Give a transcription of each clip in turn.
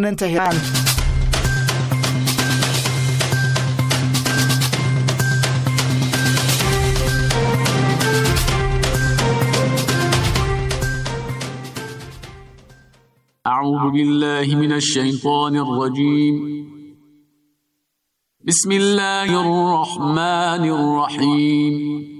ننتهي الآن أعوذ بالله من الشيطان الرجيم بسم الله الرحمن الرحيم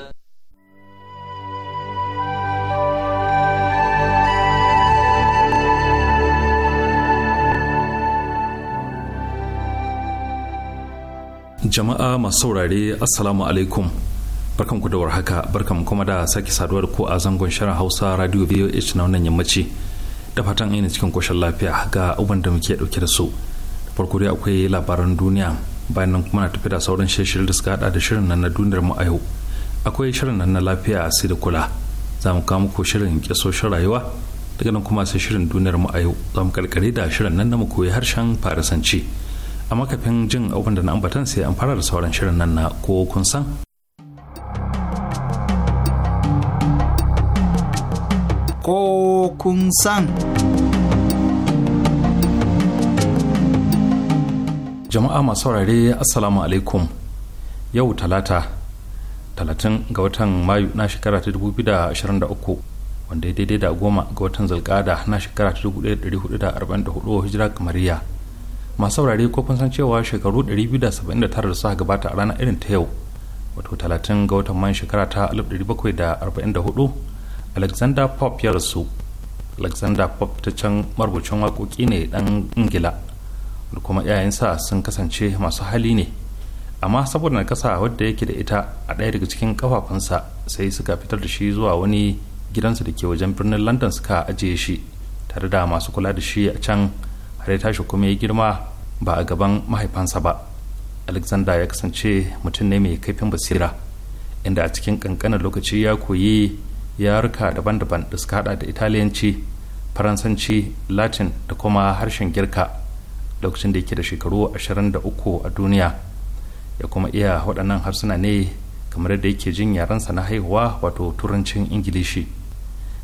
jama'a masu saurare assalamu alaikum barkan ku da warhaka barkan kuma da sake saduwar ku a zangon shirin hausa radio voh na wannan yammaci da fatan ina cikin koshin lafiya ga uban da muke dauke da su farko dai akwai labaran duniya bayan nan kuma na tafi da sauran shirin da suka hada da shirin nan na duniyar mu a yau akwai shirin nan na lafiya sai da kula za mu kawo muku shirin kyasoshin rayuwa daga nan kuma sai shirin duniyar mu a yau za mu karkare da shirin nan na mu koyi harshen farasanci. a makafin jin abin da na ambatan sai an fara da sauran shirin nan na ko kun san ko kun san jama'a masu saurare assalamu alaikum yau talata talatin ga watan mayu na shekara ta 2023 wanda ya daidai da goma ga watan zalkada na shekara ta 1444 hijira kamariya masu saurare ko kun san cewa shekaru 279 da suka gabata a ranar irin ta yau wato 30 ga watan man shekara ta 1744 alexander pop ya rasu alexander pop ta can marubucin waƙoƙi ne dan ingila da kuma yayansa sun kasance masu hali ne amma saboda na kasa wadda yake da ita a ɗaya daga cikin kafafunsa sai suka fitar da shi zuwa wani gidansa da ke wajen birnin london suka ajiye shi tare da masu kula da shi a can har ya tashi kuma ya girma ba a gaban mahaifansa ba alexander ya kasance mutum ne mai kaifin basira inda a cikin kankanin lokaci ya koyi yaruka daban-daban da suka hada da italiyanci faransanci latin da kuma harshen girka lokacin da yake da shekaru 23 a duniya ya kuma iya waɗannan harsuna ne kamar da yake jin yarensa na haihuwa wato turancin ingilishi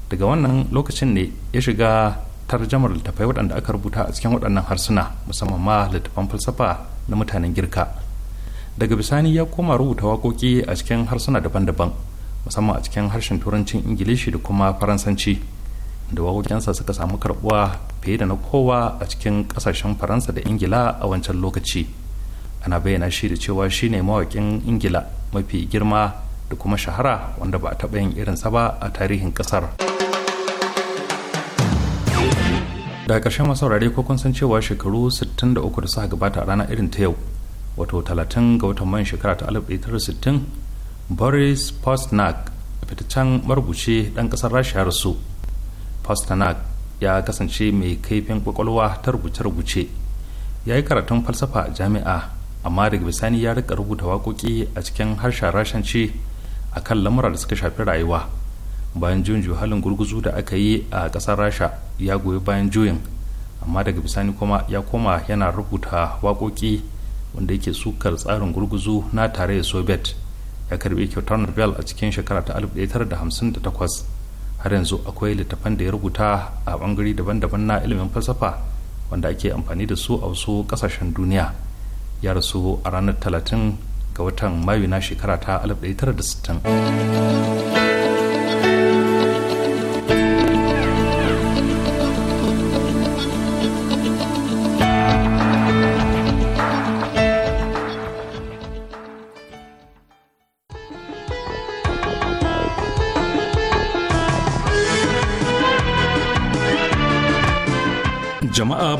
daga wannan lokacin ne ya shiga tarjamar littafai waɗanda aka rubuta a cikin waɗannan harsuna musamman ma littafan falsafa na mutanen girka daga bisani ya koma rubuta waƙoƙi a cikin harsuna daban-daban musamman a cikin harshen turancin ingilishi da kuma faransanci da waƙoƙinsa suka samu karɓuwa fiye da na kowa a cikin ƙasashen faransa da ingila a wancan lokaci ana bayyana shi da cewa shi ne mawakin ingila mafi girma da kuma shahara wanda ba a taɓa yin irinsa ba a tarihin ƙasar. da ƙarshen masu saurare ko kun san cewa shekaru 63 da suka gabata a rana irin ta yau wato 30 ga watan man shekara ta 1960 boris postnak fitaccen marubuci ɗan ƙasar rasha rasu postnak ya kasance mai kaifin kwakwalwa ta rubuce-rubuce ya yi karatun falsafa a jami'a amma daga bisani ya rika rubuta waƙoƙi a cikin harshen rashanci a kan lamura da suka shafi rayuwa bayan juyin halin gurguzu da aka yi a ƙasar rasha ya goyi bayan juyin amma daga bisani kuma ya koma yana rubuta waƙoƙi wanda yake sukar tsarin gurguzu na tare da soviet ya karbi kyautar nobel a cikin shekara ta 1958 har yanzu akwai littafan da ya rubuta a bangare daban-daban na ilimin falsafa wanda ake amfani da su a wasu kasashen duniya ya rasu a ranar 30 ga watan mayu na shekara ta 1960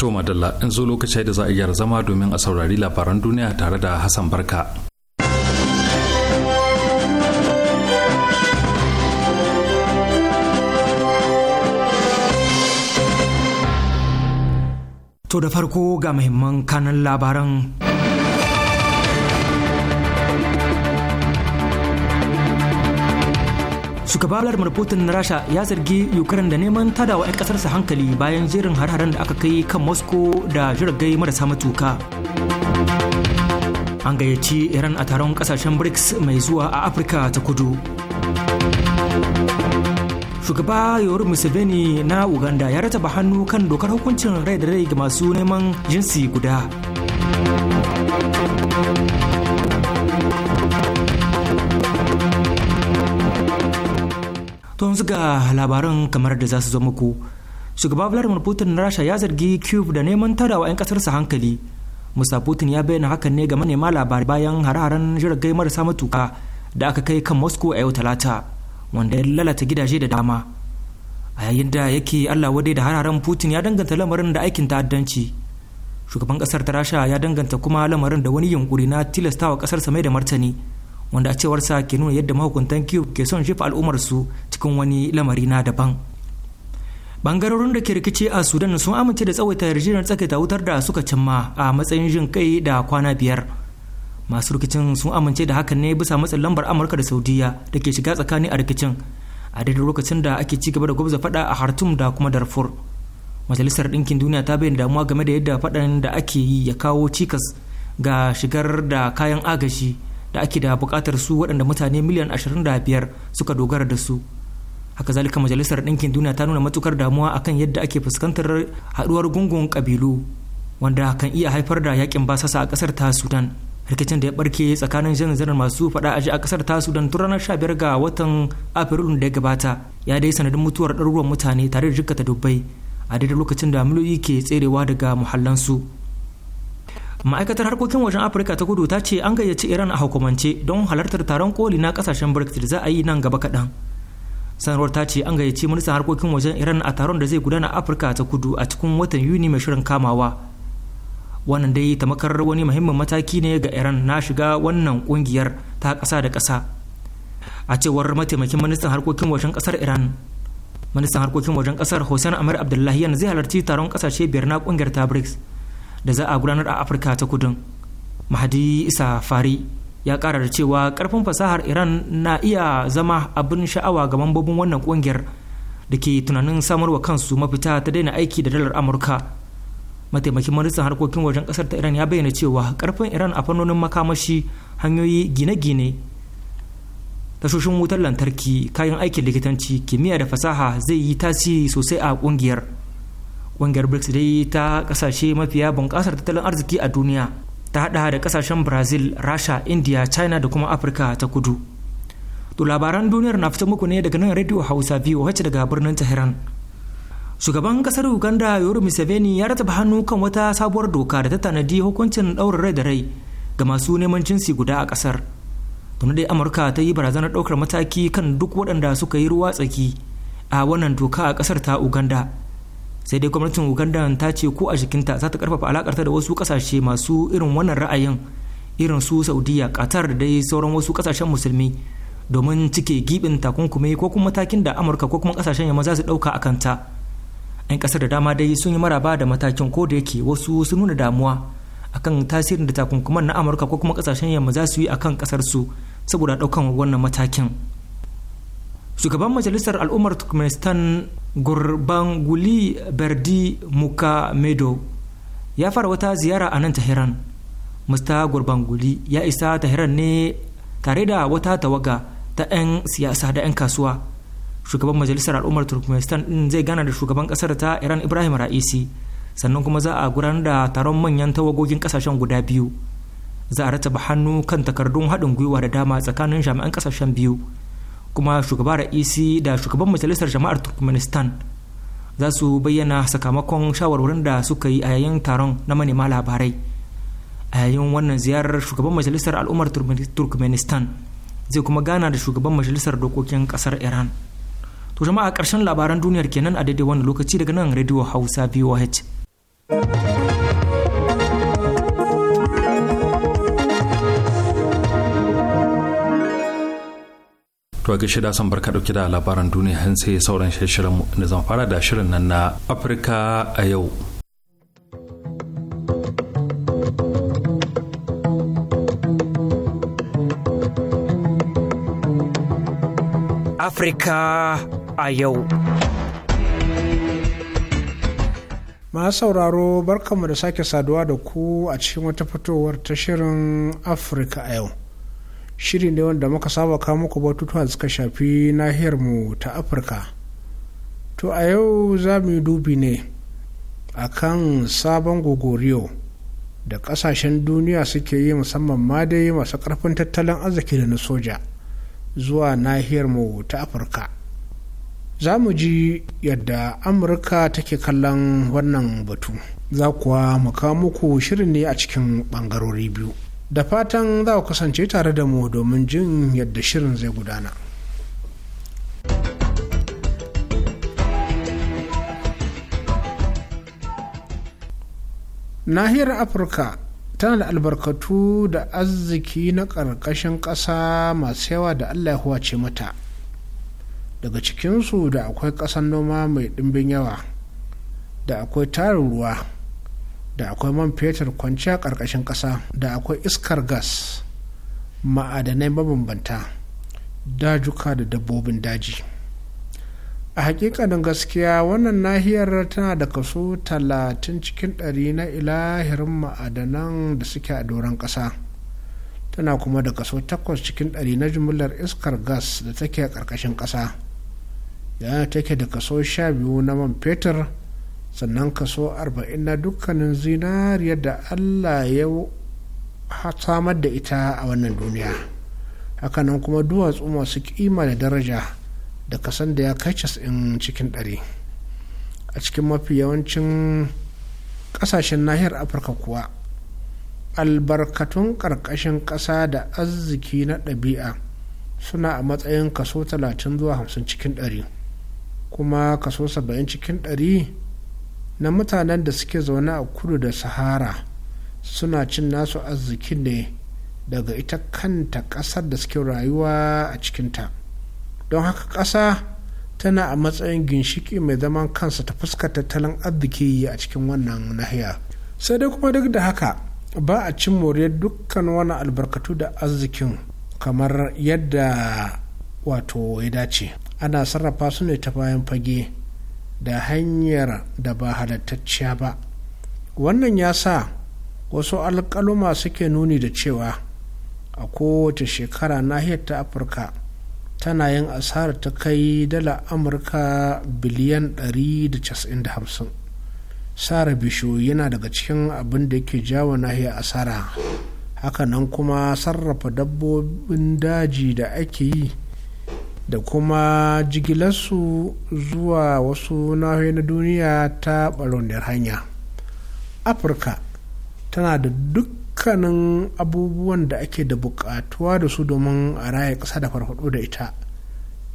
To madalla in zo lokaci da za a gyara zama domin a saurari labaran duniya tare da Hassan Barka. To da farko ga muhimman kanan labaran. shugaba vladimir putin na rasha ya zargi ukraine da neman tadawa 'yan kasarsa hankali bayan jerin har-haren da aka kai kan moscow da jiragai marasa matuka an gayyaci iran a taron kasashen brics mai zuwa a afirka ta kudu shugaba yoru museveni na uganda ya rataba hannu kan dokar hukuncin rai da rai ga masu neman jinsi guda tun yanzu ga labaran kamar da za su zo muku. Shugaba Vladimir Putin na Rasha ya zargi Cube da neman wa 'yan kasarsa hankali. Musa Putin ya bayyana hakan ne ga manema labarai bayan hare-haren jiragai marasa matuka da aka kai kan Moscow a yau Talata, wanda ya lalata gidaje da dama. A yayin da yake Allah wadai da hararen Putin ya danganta lamarin da aikin ta'addanci. Shugaban kasar ta Rasha ya danganta kuma lamarin da wani yunkuri na tilastawa kasarsa mai da martani. wanda a sa ke nuna yadda mahukuntan kyiv ke son alummar su cikin wani lamari na daban bangarorin da ke rikici a sudan sun amince da tsawaita yarjejeniyar tsakaita wutar da suka cimma a matsayin jin kai da kwana biyar masu rikicin sun amince da hakan ne bisa matsin lambar amurka da saudiya da ke shiga tsakani a rikicin a daidai lokacin da ake ci gaba da gwabza fada a hartum da kuma darfur majalisar ɗinkin duniya ta bayyana damuwa game da yadda faɗan da ake yi ya kawo cikas ga shigar da kayan agaji da ake da bukatar su waɗanda mutane miliyan 25 suka dogara da su haka zalika majalisar ɗinkin duniya ta nuna matukar damuwa akan yadda ake fuskantar haɗuwar gungun kabilu wanda kan iya haifar da yakin basasa a ƙasar ta sudan rikicin da ya barke tsakanin zanzanar masu faɗa aji a ƙasar ta sudan tun ranar 15 ga watan afrilun da ya gabata ya dai sanadin mutuwar ɗaruruwan mutane tare da jikkata dubbai a daidai lokacin da miliyoyi ke tserewa daga muhallansu ma'aikatar harkokin wajen afirka ta kudu ta ce an gayyaci iran a hukumance don halartar taron koli na kasashen brics za a yi nan gaba kaɗan sanarwar ta ce an gayyaci ministan harkokin wajen iran a taron da zai gudana afirka ta kudu a cikin watan yuni mai shirin kamawa wannan dai ta tamakar wani muhimmin mataki ne ga iran na shiga wannan kungiyar ta ƙasa da ƙasa a cewar mataimakin ministan harkokin wajen ƙasar iran ministan harkokin wajen ƙasar hussein amir abdullahi zai halarci taron ƙasashe biyar na kungiyar ta brics da za a gudanar a afirka ta kudin mahadi isa fari ya kara da cewa karfin fasahar iran na iya zama abin sha'awa ga mambobin wannan kungiyar da ke tunanin samarwa kansu mafita ta daina aiki da dalar amurka mataimakin ministan harkokin wajen kasar ta iran ya bayyana cewa karfin iran a fannonin makamashi hanyoyi gine-gine tashoshin wutar lantarki kayan aikin likitanci kimiyya da fasaha zai yi tasiri sosai a kungiyar ƙungiyar brics dai ta kasashe mafiya bunƙasar tattalin arziki a duniya ta haɗa da kasashen brazil rasha india china da kuma afirka ta kudu to labaran duniyar na fita muku ne daga nan radio hausa biyu wacce daga birnin tehran shugaban kasar uganda yoru museveni ya rataba hannu kan wata sabuwar doka da ta tanadi hukuncin ɗaurin rai da rai ga masu neman jinsi guda a kasar tuni dai amurka ta yi barazanar ɗaukar mataki kan duk waɗanda suka yi ruwa tsaki a wannan doka a kasar ta uganda sai dai gwamnatin uganda ta ce ko a jikinta za ta karfafa alakarta da wasu kasashe masu irin wannan ra'ayin irin su saudiya qatar da dai sauran wasu kasashen musulmi domin cike gibin takunkumi ko kuma matakin da amurka ko kuma kasashen yamma za su dauka a kanta yan kasar da dama dai sun yi maraba da matakin ko da yake wasu sun nuna damuwa akan tasirin da takunkuman na amurka ko kuma kasashen yamma za su yi akan kasar su saboda daukan wannan matakin shugaban majalisar al'ummar turkmenistan gurbanguli berdi muka medo ya fara wata ziyara a nan tahiran mista gurbanguli ya isa tahiran ne tare da wata tawaga ta 'yan siyasa da 'yan kasuwa shugaban majalisar al'ummar turkmenistan din zai gana da shugaban kasar ta iran ibrahim ra'isi sannan kuma za a gudanar da taron manyan tawagogin kasashen guda biyu za a rataba hannu kan takardun haɗin gwiwa da dama tsakanin jami'an kasashen biyu kuma shugaba ra'isi da shugaban majalisar jama'ar turkmenistan za su bayyana sakamakon shawarwarin da suka yi a yayin taron na manema labarai a yayin wannan ziyarar shugaban majalisar al'ummar turkmenistan zai kuma gana da shugaban majalisar dokokin kasar iran to jama'a ƙarshen labaran duniyar kenan a daidai wani lokaci daga nan radio hausa voh To gaishe da son barka dauke da labaran duniya har sai sauran shirin mu da zan fara da shirin nan na Afirka a yau. Afirka a yau. Masu sauraro barkanmu da sake saduwa da ku a cikin wata fitowar ta shirin Afirka a yau. shiri ne wanda muka saba kawo muku batutuwa suka shafi nahiyar mu ta afirka to a yau za mu yi dubi ne a kan sabon gogoriyo da kasashen duniya suke yi musamman ma dai masu karfin tattalin arziki da na soja zuwa nahiyar mu ta afirka za mu ji yadda amurka take kallon wannan batu za kuwa mu kawo muku shirin ne a cikin bangarori biyu da fatan za ku kasance tare da mu domin jin yadda shirin zai gudana. nahiyar afirka tana da albarkatu da arziki na ƙarƙashin ƙasa masu yawa da allah ya ce mata daga cikinsu da akwai ƙasan noma mai ɗimbin yawa da akwai tarin ruwa da akwai man fetur kwanci a ƙarƙashin ƙasa da akwai iskar gas ma'adanai mabambanta dajuka da dabbobin daji a hakikanin gaskiya wannan nahiyar tana da kaso talatin cikin 100 na ilahirin ma'adanan da suke a doron ƙasa tana kuma da kaso takwas cikin 100 na jimillar iskar gas da take a ƙarƙashin ƙasa yana take da kaso sha biyu na man fetur sannan kaso arba'in na dukkanin zinariya da allah ya samar da ita a wannan duniya hakanan kuma duwatsu masu kima da daraja da kasan da ya kai casa'in cikin ɗari a cikin mafi yawancin ƙasashen nahiyar afirka kuwa albarkatun ƙarƙashin ƙasa da arziki na ɗabi'a suna a matsayin kaso 30 zuwa 50 cikin ɗari kuma kaso 70 cikin ɗari na mutanen da suke zaune a kudu da sahara suna cin nasu arziki ne daga ita kanta ƙasar da suke rayuwa a cikinta don haka ƙasa tana a matsayin ginshiki mai zaman kansa ta fuska tattalin arziki a cikin wannan nahiya sai dai kuma duk da haka ba a cin moriyar dukkan wani albarkatu da arzikin kamar yadda wato ya dace ana sarrafa su ne ta bayan fage da hanyar da ba halittacciya ba wannan ya sa wasu alƙaluma suke nuni da cewa a kowace shekara nahiyar ta afirka tana yin asarar ta kai dala amurka biliyan 150 sara bishiyoyi yana daga cikin abin da yake jawo nahiyar asara hakanan kuma sarrafa dabbobin daji da ake yi da kuma jigilarsu zuwa wasu nahiyoyi na duniya ta ɓarauniyar hanya afirka tana da dukkanin abubuwan da ake da bukatuwa da su domin a raya ƙasa da farfaɗo da ita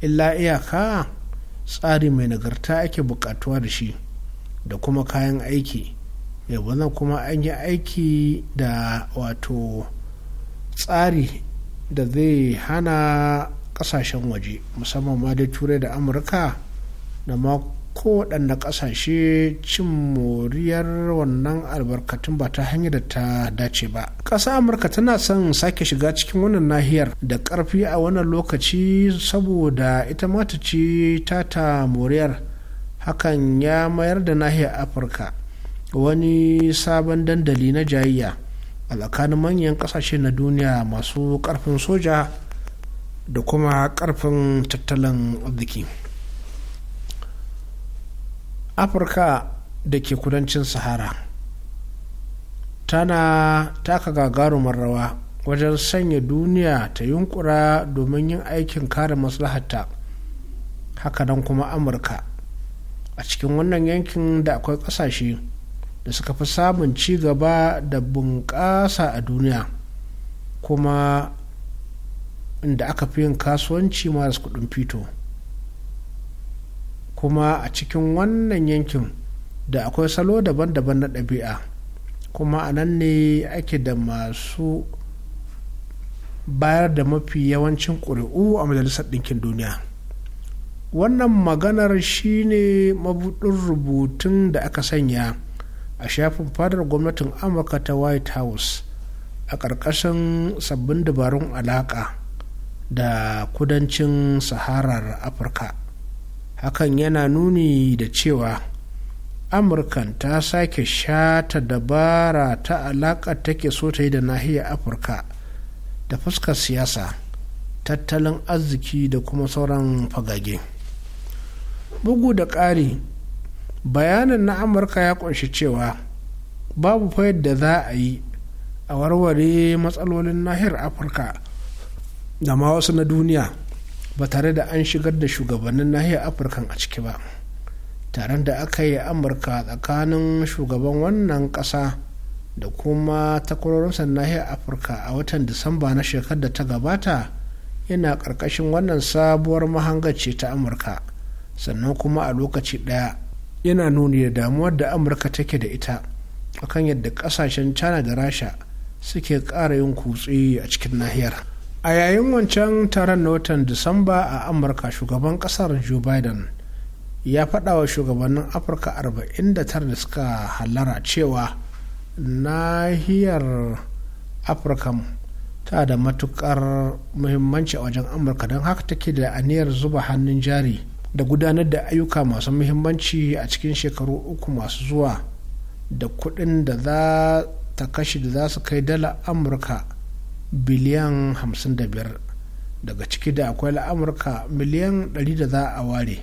illa iyaka tsari mai nagarta ake bukatuwa da shi da kuma kayan aiki yabana kuma an yi aiki da wato tsari da zai hana kasashen waje musamman ma da turai da amurka da ma kowaɗanne ƙasashe cin moriyar wannan albarkatun ba ta hanyar da ta dace ba ƙasa amurka tana son sake shiga cikin wannan nahiyar da ƙarfi a wannan lokaci saboda ita ma ta ci tata moriyar hakan ya mayar da nahiyar afirka wani sabon dandali na jayayya a tsakanin manyan ƙasashe na duniya masu ƙarfin soja da kuma karfin tattalin arziki afirka da ke kudancin sahara tana taka gagarumar rawa wajen sanya duniya ta yunkura domin yin aikin kare maslahata hakanan kuma amurka a cikin wannan yankin da akwai kasashe da suka fi samun ci gaba da bunƙasa a duniya kuma inda aka fi yin kasuwanci maras kudin fito kuma a cikin wannan yankin da akwai salo daban-daban na ɗabi'a kuma a nan ne ake da masu bayar da mafi yawancin ƙuri'u a majalisar ɗinkin duniya wannan maganar shine mabuɗin rubutun da aka sanya a shafin fadar gwamnatin amurka ta white house a ƙarƙashin sabbin dabarun alaƙa da kudancin saharar afirka hakan yana nuni da cewa amurkan ta sake shata dabara ta alaƙa take so ta yi da nahiyar afirka da fuskar siyasa tattalin arziki da kuma sauran fagage bugu da ƙari bayanin na amurka ya ƙunshi cewa babu fa da za a yi a warware matsalolin nahiyar afirka da ma wasu na duniya ba tare da an shigar da shugabannin nahiyar afirka a ciki ba tare da aka yi amurka tsakanin shugaban wannan kasa da kuma takwarorinsa nahiyar afirka a watan disamba na shekarar da ta gabata yana ƙarƙashin wannan sabuwar mahangace ta amurka sannan kuma a lokaci ɗaya yana nuni da damuwar da amurka take da ita akan yadda ƙasashen china da rasha suke ƙara yin kutse a cikin nahiyar. a yayin wancan taron na watan disamba a amurka shugaban kasar joe biden ya faɗa wa shugabannin afirka 49 da suka halara cewa nahiyar afirka ta da matukar muhimmanci a wajen amurka don haka take da aniyar zuba hannun jari da gudanar da ayyuka masu muhimmanci a cikin shekaru uku masu zuwa da kudin da za ta kashe da za su kai dala amurka biliyan 55 daga ciki da akwai la'amurka miliyan 100 da za a ware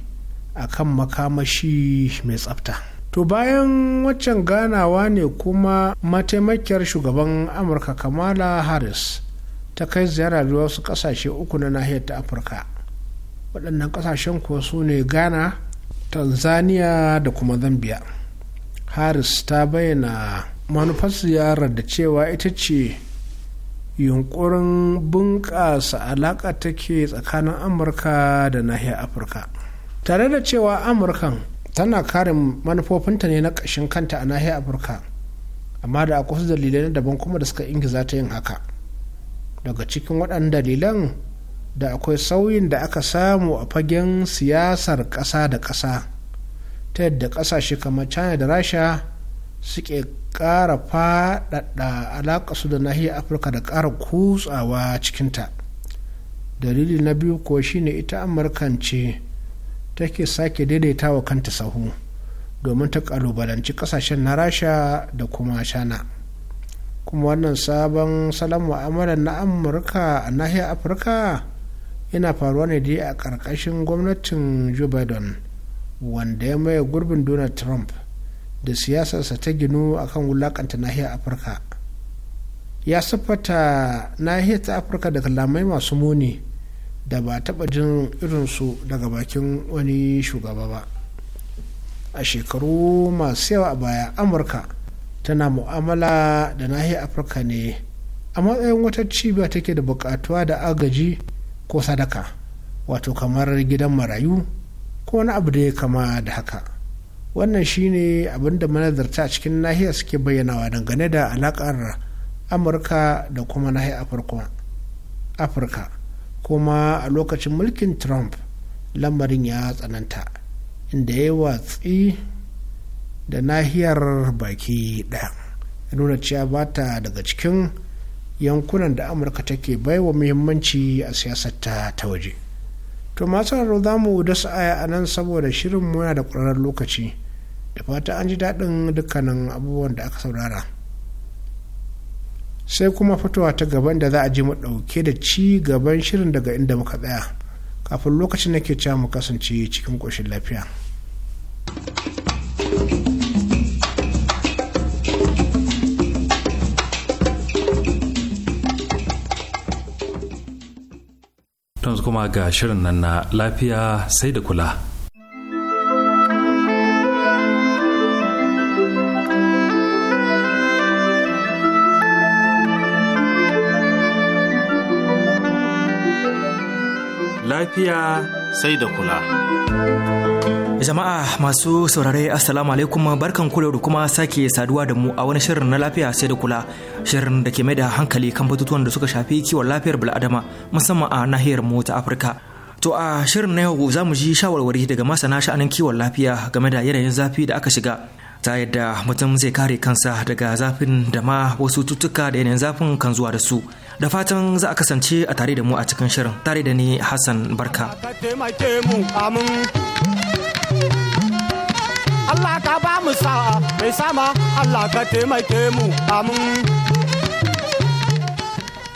a kan makamashi mai tsafta to bayan waccan ganawa ne kuma mataimakiyar shugaban amurka kamala harris ta kai ziyara wasu kasashe uku na nahiyar ta afirka waɗannan kasashen kuwa su ne ghana tanzania da kuma zambia harris ta bayyana manufar ziyarar da cewa ita ce yunkurin bunƙasa alaƙa take tsakanin amurka da nahiyar afirka tare da cewa amurkan tana kare manufofinta ne na ƙashin kanta a nahiyar afirka amma da akwai wasu dalilai na daban kuma da suka ingiza ta yin haka daga cikin waɗannan dalilan da akwai sauyin da aka samu a fagen siyasar ƙasa da ƙasa ta yadda ƙasashe kamar china da rasha suke ƙara faɗaɗa su da nahiyar afirka da ƙara kutsawa cikinta dalili na biyu ko shine ita amurkance take sake daidaita wa kanta sahu domin ta ƙalubalanci ƙasashen na rasha da kuma shana kuma wannan sabon salon mu'amalar na amurka a nahiyar afirka yana faruwa ne dai a ƙarƙashin gwamnatin joe biden wanda ya maye gurbin donald trump da siyasarsa ta ginu akan wulakanta nahiyar afirka ya siffata nahiyar ta afirka da kalamai masu muni da ba taɓa jin irinsu daga bakin wani shugaba ba a shekaru masu yawa a baya amurka tana mu'amala da nahiyar afirka ne a matsayin wata cibiya take da buƙatuwa da agaji ko sadaka wato kamar gidan marayu ko wani abu da ya kama da haka wannan shine abin da manazarta a cikin nahiyar suke bayyanawa dangane da alakar amurka da kuma nahiyar afirka kuma a lokacin mulkin trump lamarin ya tsananta inda ya watsi da nahiyar baki ɗaya nuna cewa ba ta daga cikin yankunan da amurka take baiwa muhimmanci a siyasarta ta waje to masu za mu dasa aya a nan saboda shirin muna da ƙwararren lokaci da fata an ji daɗin dukkanin abubuwan da aka saurara sai kuma fitowa ta gaban da za a ji mu ɗauke da ci gaban shirin daga inda muka tsaya kafin lokacin nake cewa mu kasance cikin ƙoshin lafiya. kuma ga shirin nan na lafiya sai da kula lafiya sai da kula. Jama'a masu saurare Assalamu alaikum barkan kula da kuma sake saduwa da mu a wani shirin na lafiya sai da kula shirin da ke mai da hankali kan batutuwan da suka shafi kiwon lafiyar bil'adama musamman a nahiyar mu ta Afirka. To a shirin na yau za mu ji shawarwari daga masana sha'anin kiwon lafiya game da yanayin zafi da aka shiga ta yadda mutum zai kare kansa daga zafin da ma wasu cutuka da yanayin zafin kan zuwa da su da fatan za a kasance a tare da mu a cikin shirin tare da ni hassan barka Allah ka mai sama Allah ka taimake mu amin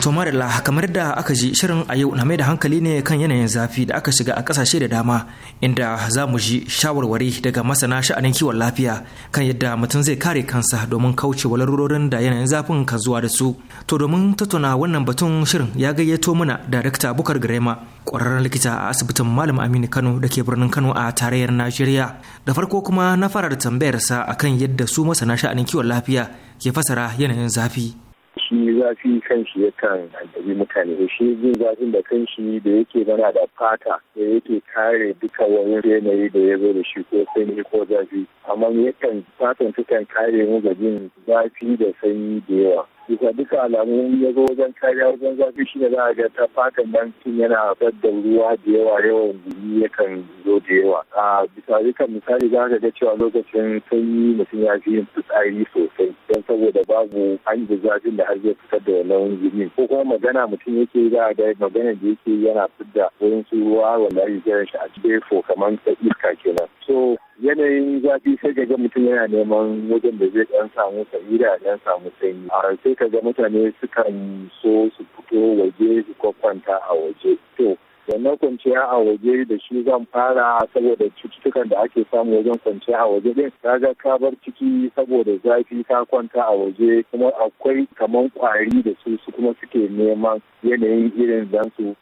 To marilla kamar da aka ji shirin a yau na mai da hankali ne kan yanayin zafi da aka shiga a kasashe da dama inda za mu ji shawarwari daga masana sha'anin kiwon lafiya kan yadda mutum zai kare kansa domin kauce wa larurorin da yanayin zafin kan zuwa da su. To domin tattauna wannan batun shirin ya gayyato mana Darakta Bukar grema kwararren likita a asibitin Malam Aminu Kano da ke birnin Kano a tarayyar Najeriya. Da farko kuma na fara da tambayarsa akan yadda su masana sha'anin kiwon lafiya ke fasara yanayin zafi. shi zafi kan shi yakan addabi mutane shi jin zafin da kan shi da yake mana da fata da yake kare duka wani yanayi da ya zo da shi ko sanyi ko zafi amma yakan fatan kan kare mu ga jin zafi da sanyi da yawa bisa duka alamu, ya zo wajen kariya wajen zafi shi ne za a ga ta fatan bankin yana yana da ruwa da yawa yawan gumi kan zo da yawa a bisa duka misali za ka ga cewa lokacin sanyi mutum ya fi yin fitsari sosai don saboda babu hanyar zafin da har zai fitar da wannan gumin ko kuma magana mutum yake za a ga magana da yake yana fitar da su ruwa wanda ake kiran shi a cikin kamar ta iska kenan so yanayin zafi sai ga mutum yana neman wajen da zai dan samu sa'ida dan samu sanyi a sai ka ga mutane sukan so su fito waje su kwanta a waje to wannan kwanciya a waje da shi zan fara saboda cututtukan da ake samu wajen kwanciya a waje din kaga ka bar ciki saboda zafi ka kwanta a waje kuma akwai kaman kwari da su su kuma suke neman yanayin irin dan su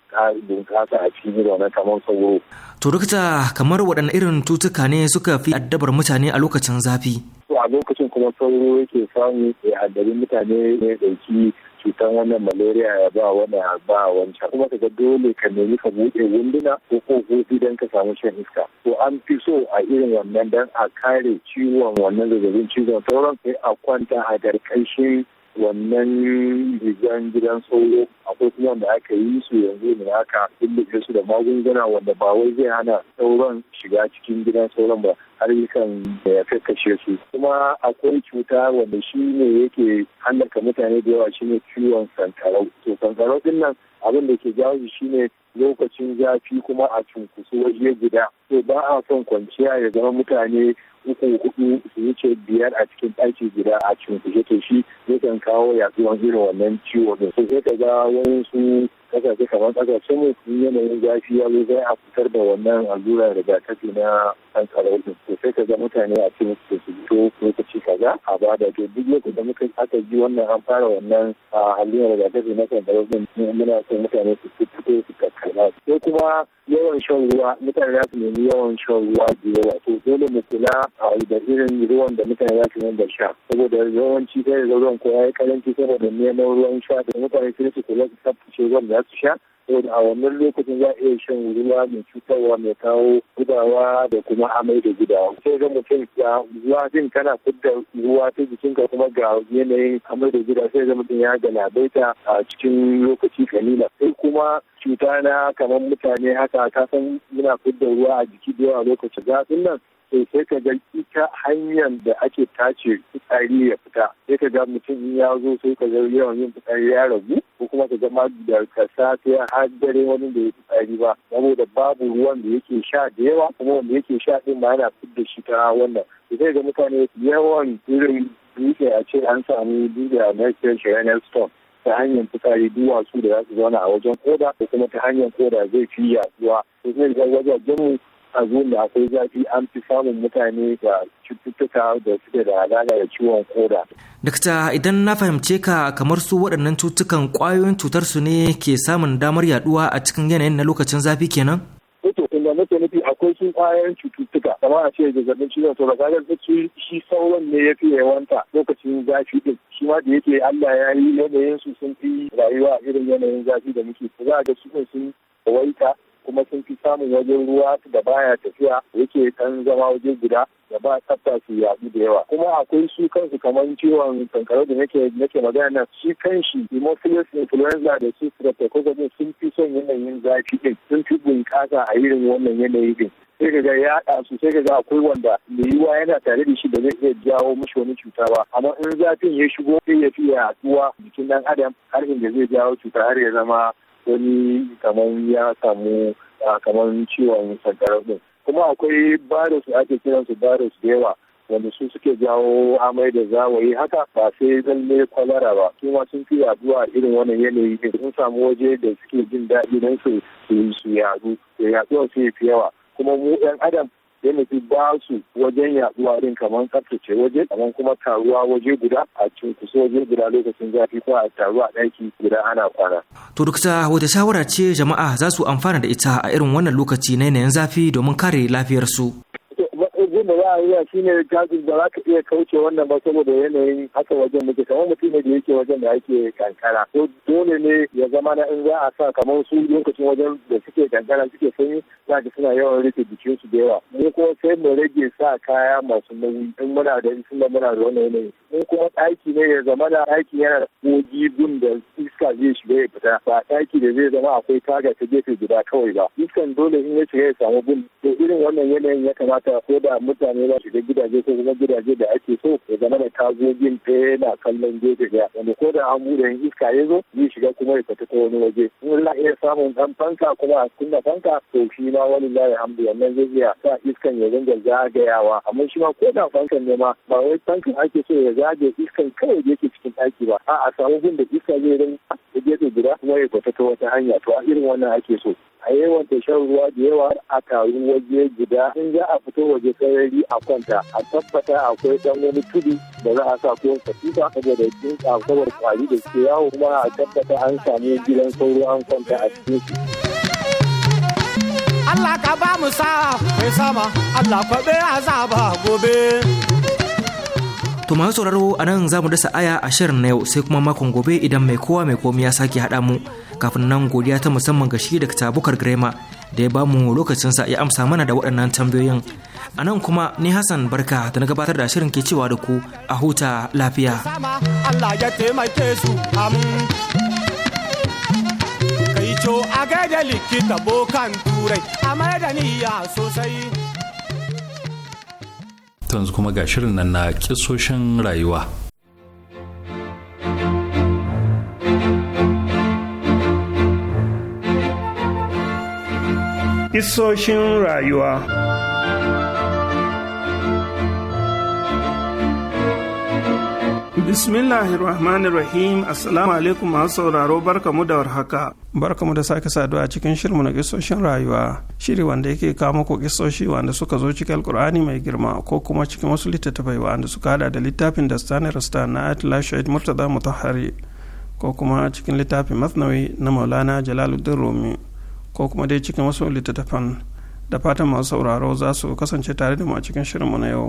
bunƙasa a cikin irin wannan kaman sauro. To dokta kamar waɗanne irin cutuka ne suka fi addabar mutane a lokacin zafi? a lokacin kuma sauro yake samu ya addabi mutane ne ɗauki cutan wannan malaria ya ba wani ya ba wancan kuma kaga dole ka nemi ka buɗe wunduna ko kofofi don ka samu shan iska to an fi so a irin wannan dan a kare ciwon wannan zazzabin cizon sauran sai a kwanta a garkashin wannan rigan gidan sauro akwai kuma wanda aka yi su yanzu ne aka lullube su da magunguna wanda ba wai zai hana sauron shiga cikin gidan sauron ba har yi da ya kashe su kuma akwai cuta wanda shi ne yake hallaka mutane da yawa shi ne ciwon sankarau to sankarau din nan abin da ke jawo shi ne. lokacin zafi kuma a cunkusu waje guda to ba a son kwanciya ya zama mutane uku hudu su wuce biyar a cikin ɗaki guda a cunkushe to shi yakan kawo yaduwan irin wannan ciwo ne sai ka ga wani su kasashe kamar kasashen mu yanayin zafi ya zo zai a fitar da wannan allurar rigakafi na kankarau din to sai ka ga mutane a cikin su su fito lokaci kaza a da to duk lokacin da muka aka ji wannan an fara wannan allurar rigakafi na kankarau din muna son mutane su fito su ko kuma yawan shan ruwa mutane za su nemi yawan shan ruwa da yawa to dole mu kula a da irin ruwan da mutane za su dinga sha saboda yawanci sai da ruwan ko ya yi karanci saboda neman ruwan sha da mutane sai su kula da tsaftace ruwan da za su sha saboda a wannan lokacin za a iya shan ruwa mai cutarwa mai kawo gudawa da kuma amai da gudawa sai ga mutum ya ruwa jin kana fidda ruwa ta jikinka kuma ga yanayin amai da gudawa sai ga mutum ya labaita a cikin lokaci kalila sai kuma cuta na kamar mutane haka ka san muna fidda ruwa a jiki da yawa lokacin zafin nan to sai ka ga ita hanyar da ake tace fitsari ya fita sai ka ga mutum in ya zo sai ka ga yawan yin fitsari ya ragu ko kuma ka ga ma da kasa ta har dare wani da ya fitsari ba saboda babu ruwan da yake sha da yawa kuma wanda yake sha din ma yana fidda shi ta wannan sai ga mutane yawan irin dutse a ce an samu dutse a mercury shiranen stone ta hanyar fitsari duwatsu da za su zauna a wajen koda ko kuma ta hanyar koda zai fi yaduwa. Sai ga wajajen a zuwa da akwai zafi an fi samun mutane da cututtuka da suke da alaƙa da ciwon koda. Dakta idan na fahimce ka kamar su waɗannan cutukan ƙwayoyin cutar su ne ke samun damar yaɗuwa a cikin yanayin na lokacin zafi kenan? Eh to inda nake nufi akwai sun kwayoyin cututtuka kamar a ce zazzabin cizon sauro kaga su shi sauran ne ya fi yawanta lokacin zafi ɗin. shi ma da yake Allah ya yi yanayin su sun fi rayuwa irin yanayin zafi da muke za a ga su sun ka. kuma sun fi samun wajen ruwa da baya tafiya yake kan zama waje guda da ba tsafta su yaɗu da yawa kuma akwai su kansu kamar ciwon kankarau da nake nake magana nan shi kanshi hemophilus influenza da su streptococcus sun fi son yanayin zafi ɗin. sun fi bunƙasa a irin wannan yanayi din sai ga ya haɗa su sai ga akwai wanda mai yiwuwa yana tare da shi da zai iya jawo mishi wani cuta ba amma in zafin ya shigo sai ya fi yaɗuwa jikin ɗan adam har inda zai jawo cuta har ya zama wani kamar ya samu ah, kamar ciwon sankara din kuma akwai virus da ake kiransu virus da yawa wanda su suke jawo amai da zawayi haka ba sai zalle kwalara ba su ma sun fi yaduwa irin wannan yanayi ne sun samu waje da suke jin daɗi don su su yadu da su fi yawa kuma mu 'yan adam sai fi ba su wajen yaduwa din kamar tsaftace waje kamar kuma taruwa waje guda a cikin kusa waje guda lokacin zafi ko a taru a ɗaki guda ana kwana. To dokta wata shawara ce jama'a za su amfana da ita a irin wannan lokaci na yanayin zafi domin kare lafiyarsu. da za a a shine jajin da za ka iya kauce wannan ba saboda yanayin haka wajen muke kamar mutum ne da yake wajen da ake kankara to dole ne ya zama na in za a sa kamar su lokacin wajen da suke kankara suke sanyi za ka suna yawan rike su da yawa mu kuma sai mu rage sa kaya masu nauyi in muna da suna muna da wannan yanayi in kuma ɗaki ne ya zama da ɗaki yana da kogi gun da iska zai shiga ya fita ba ɗaki da zai zama akwai taga ta gefe guda kawai ba iskan dole in ya shiga ya samu gun to irin wannan yanayin ya kamata ko da mu mutane za su ga gidaje ko kuma gidaje da ake so ya zama da tagogin ɗaya na kallon gefe ɗaya wanda ko da an buɗe iska ya zo zai shiga kuma ya fita ta wani waje in za iya samun ɗan fanka kuma a kunna fanka to shi ma wani layi hamdu wannan zai iya sa iskan ya dinga zagayawa amma shi ma ko da fankan ne ma ba wai fankan ake so ya zage iskan kawai da yake cikin ɗaki ba a'a samu gun da iska zai a gefe guda kuma ya fita ta wata hanya to a irin wannan ake so a yawanta shan ruwa da yawa a taru waje guda in za a fito waje sarari a kwanta a tabbata akwai dan wani tudu da za a sa ko katifa saboda kin tsawar kwari da ke yawo kuma a tabbata an samu gidan sauro an kwanta a cikin su. Allah ka ba mu sa mai sama Allah kwaɓe azaba gobe. To sauraro a nan za mu dasa aya a shirin na yau sai kuma makon gobe idan mai kowa mai komi ya sake haɗa mu kafin nan godiya ta musamman ga shi da tabukar grema da ya bamu sa ya amsa mana da waɗannan tambayoyin a nan kuma ni hassan barka da na gabatar da shirin ke cewa da ku a huta lafiya Allah ya taimake su kai co a gaida likita bokan turai a da niyya sosai yanzu kuma ga shirin nan na kisoshin rayuwa Isoshin rayuwa Bismillahirrahmanirrahim Assalamu alaikum masu sauraro barkamu da warhaka. Barkamu da sake saduwa a cikin shirmu na kisoshin rayuwa, shiri wanda yake kawo ko kisoshi wanda suka zo cikin Alkur'ani mai girma ko kuma cikin wasu littattafai wanda suka hada da littafin da Stanley na Atila Shahid Murtaza Mutahari ko kuma cikin littafin Masnawi na Maulana Jalaluddin Rumi. ko kuma dai cikin wasu littattafan da fatan masu sauraro za su kasance tare da mu a cikin shirinmu na yau.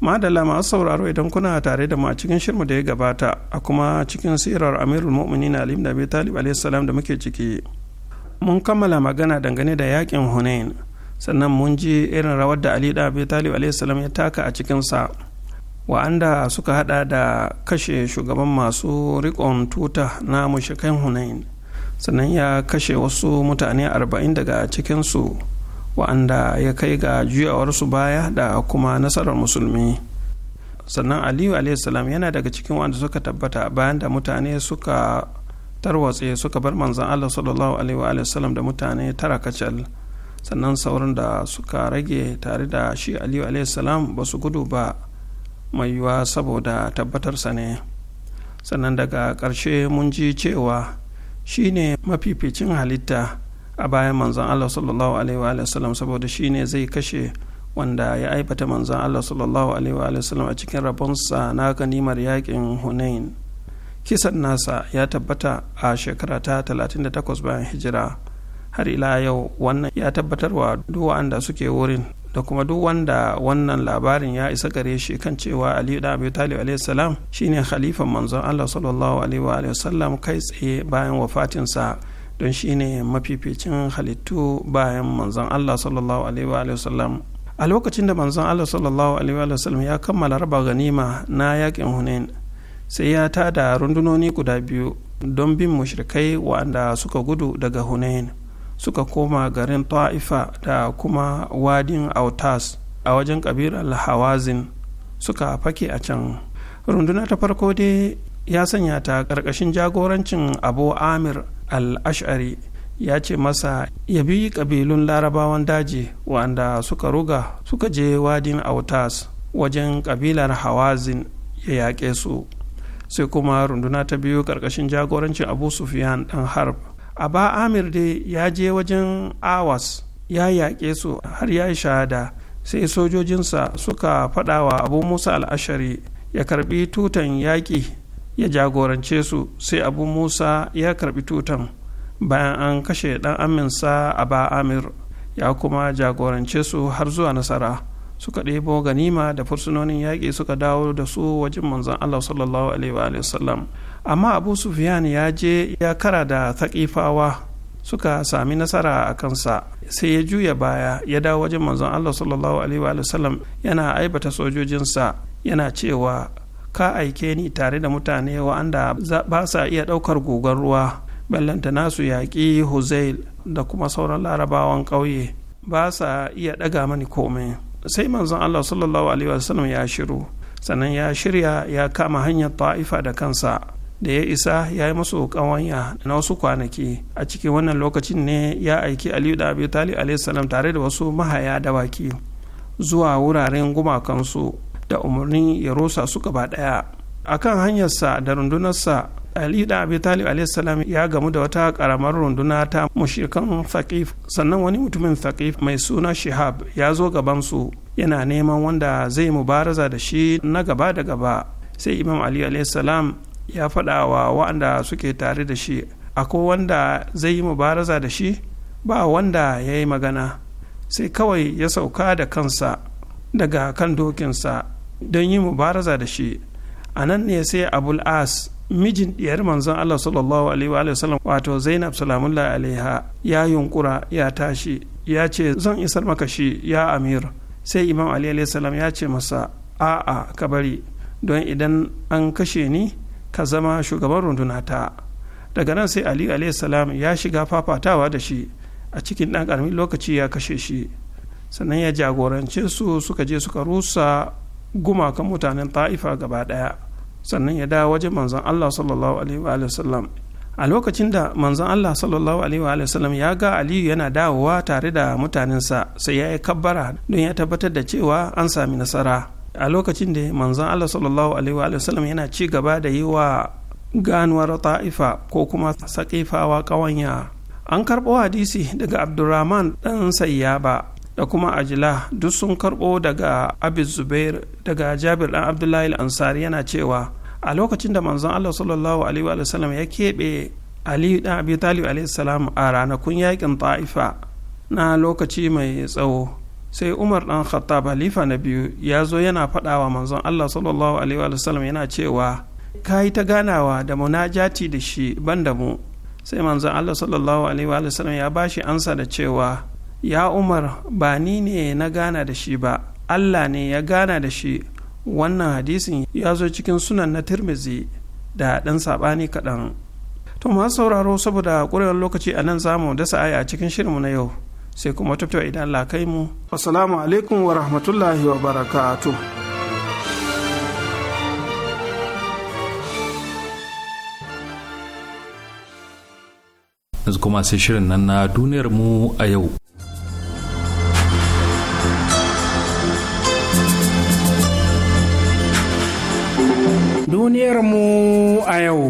madalla masu sauraro idan kuna tare da mu a cikin shirmu da ya gabata a kuma cikin sirar amirul mu'minin alim da abi talib da muke ciki mun kammala magana dangane da yakin hunain sannan mun ji irin rawar da alida da talib talib ya taka a cikinsa wa'anda suka hada da kashe shugaban masu rikon tuta na mushikan hunain sannan ya kashe wasu mutane arba'in daga cikinsu wa'anda ya kai ga juyawarsu baya da kuma nasarar musulmi sannan aliyu salam yana daga cikin wanda suka tabbata bayan da mutane suka tarwatse suka bar manzan allah sallallahu alaihi da mutane tara kacal sannan saurin da suka rage tare da shi aliyu salam ba su gudu ba mai yiwuwa saboda tabbatarsa ne sannan daga ƙarshe mun ji cewa shi ne mafificin halitta a bayan manzan allah sallallahu alaihi wa sallam saboda shi ne zai kashe wanda ya aibata manzan allah sallallahu alaihi wa sallam a cikin rabonsa na ganimar yakin hunain kisan nasa ya tabbata a shekara ta 38 bayan hijira har ila yau wannan ya tabbatarwa duk wanda suke wurin da kuma duk wanda wannan labarin ya isa gare shi kan cewa aliyu da abu talib alayhi salam shine khalifan manzon allah sallallahu alaihi wa sallam kai tsaye bayan wafatinsa don shine mafificin halittu bayan manzon allah sallallahu alaihi wa sallam a lokacin da manzon allah sallallahu alaihi wa sallam ya kammala raba ganima na yakin hunain sai ya tada rundunoni guda biyu don bin mushrikai waɗanda suka gudu daga hunain suka koma garin ta'ifa da kuma wadin autas a wajen kabilar hawazin suka fake a can runduna ta farko dai ya sanya ta ƙarƙashin jagorancin abu amir al-ash'ari ya ce masa ya bi ƙabilun larabawan daji wanda suka ruga suka je wadin autas wajen ƙabilar hawazin ya yaƙe su sai kuma runduna ta biyu ƙarƙashin jagorancin abu sufyan ɗan harb aba amir dai ya je wajen awas ya yaƙe su har ya yi shahada sai sojojinsa suka faɗa wa abu musa al'ashari ya karbi tutan yaƙi ya jagorance su sai abu musa ya karbi tutan bayan an kashe ɗan aminsa ba amir ya kuma jagorance su har zuwa nasara suka ɗebo ganima da fursunonin yaƙi suka dawo da su wajen manzon allah sallallahu alaihi wa sallam amma abu sufyan ya je ya kara da taƙifawa suka sami nasara a kansa sai ya juya baya ya dawo wajen manzon allah sallallahu alaihi wa sallam yana aibata sojojinsa yana cewa ka aike ni tare da mutane wa'anda ba sa iya ɗaukar gogon ruwa ballanta nasu yaƙi huzail da kuma sauran larabawan ƙauye ba sa iya ɗaga mani komai sai manzon allah sallallahu alaihi sallam ya shiru sannan ya shirya ya kama hanyar ta'ifa da kansa da ya isa ya yi masu kawanya na wasu kwanaki a cikin wannan lokacin ne ya aiki aliyu da abu talib alaihissalam tare da wasu mahaya da waki zuwa wuraren gumakansu da umarni ya rusa su gaba ɗaya. a kan hanyarsa da rundunarsa aliyu da abu talib alaihissalam ya gamu da wata ƙaramar runduna ta mushrikan thaqif sannan wani mutumin thaqif mai suna shihab ya zo gabansu yana neman wanda zai mubaraza da shi na gaba da gaba sai imam ali alaihissalam ya faɗa wa waɗanda suke tare da shi akwai wanda zai yi mubaraza da shi ba wanda ya yi magana sai kawai ya sauka da kansa daga kan dokinsa don yi mubaraza da shi a nan ne sai abul as mijin diyar manzon Allah sallallahu alaihi wa sallam wato Zainab salamullah alaiha ya yunkura ya tashi ya ce zan isar maka shi ya amir sai imam ali alaihi salam ya ce masa a'a ka bari don idan an kashe ni ka zama shugaban runduna ta daga nan sai ali salam ya shiga fafatawa da shi a cikin ɗan ƙaramin lokaci ya kashe shi sannan ya jagorance su suka je suka rusa gumakan mutanen ta'ifa gaba ɗaya sannan ya dawo wajen manzon allah sallallahu alaihi wa sallam a lokacin da manzon allah sallallahu alaihi wa sallam ya ga aliyu yana dawowa tare da mutanensa sai ya yi kabbara don ya tabbatar da cewa an sami nasara a lokacin da manzon Allah sallallahu alaihi wa sallam yana ci gaba da yi wa ganuwar ta'ifa ko kuma saƙifawa ƙawanya an karɓo hadisi daga abdurrahman ɗan sayyaba da kuma ajila duk sun karɓo daga abu zubair daga jabir ɗan abdullahi ansari yana cewa a lokacin da manzon allah sallallahu alaihi wa sallam ya keɓe ali ɗan abi talib alaihi a ranakun yaƙin ta'ifa na lokaci mai tsawo sai umar dan khattab halifa na biyu ya zo yana faɗawa manzon allah sallallahu alaihi wasallam yana cewa ka yi ta ganawa da munajati da shi ban da mu sai manzon allah sallallahu alaihi wasallam ya bashi ansa da cewa ya umar ba ni ne na gana da shi ba allah ne ya gana da shi wannan hadisin ya zo cikin sunan na tirmizi da dan saɓani kaɗan to masu sauraro saboda ƙurewar lokaci a nan zamu dasa aya a cikin shirinmu na yau sai kuma tattawa idan Allah kai mu assalamu alaikum wa rahmatullahi wa barakatu. yanzu kuma sai shirin nan na duniyar mu a yau duniyar mu a yau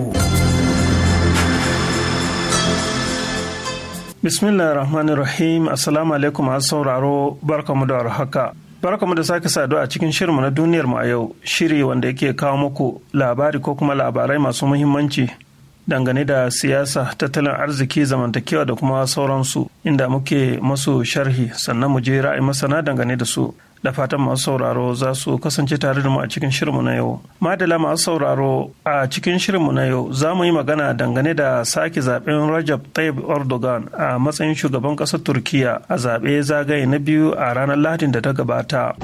bismillah rahmanir rahim assalamu alaikum masu sauraro barkamu da warhaka barkamu da sake saduwa a cikin shirinmu na duniyar mu a yau shiri wanda yake kawo muku labari ko kuma labarai masu muhimmanci dangane da siyasa tattalin arziki zamantakewa da kuma sauransu inda muke masu sharhi sannan mu je ra'ayi masana dangane da su da fatan masu sauraro za su kasance tare da mu a cikin shirinmu na yau. Madala masu sauraro a cikin shirinmu na yau za mu yi magana dangane da sake zaben Rajab Tayyip Erdogan a matsayin shugaban ƙasar Turkiya a zaɓe zagaye na biyu a ranar Lahadin da ta gabata.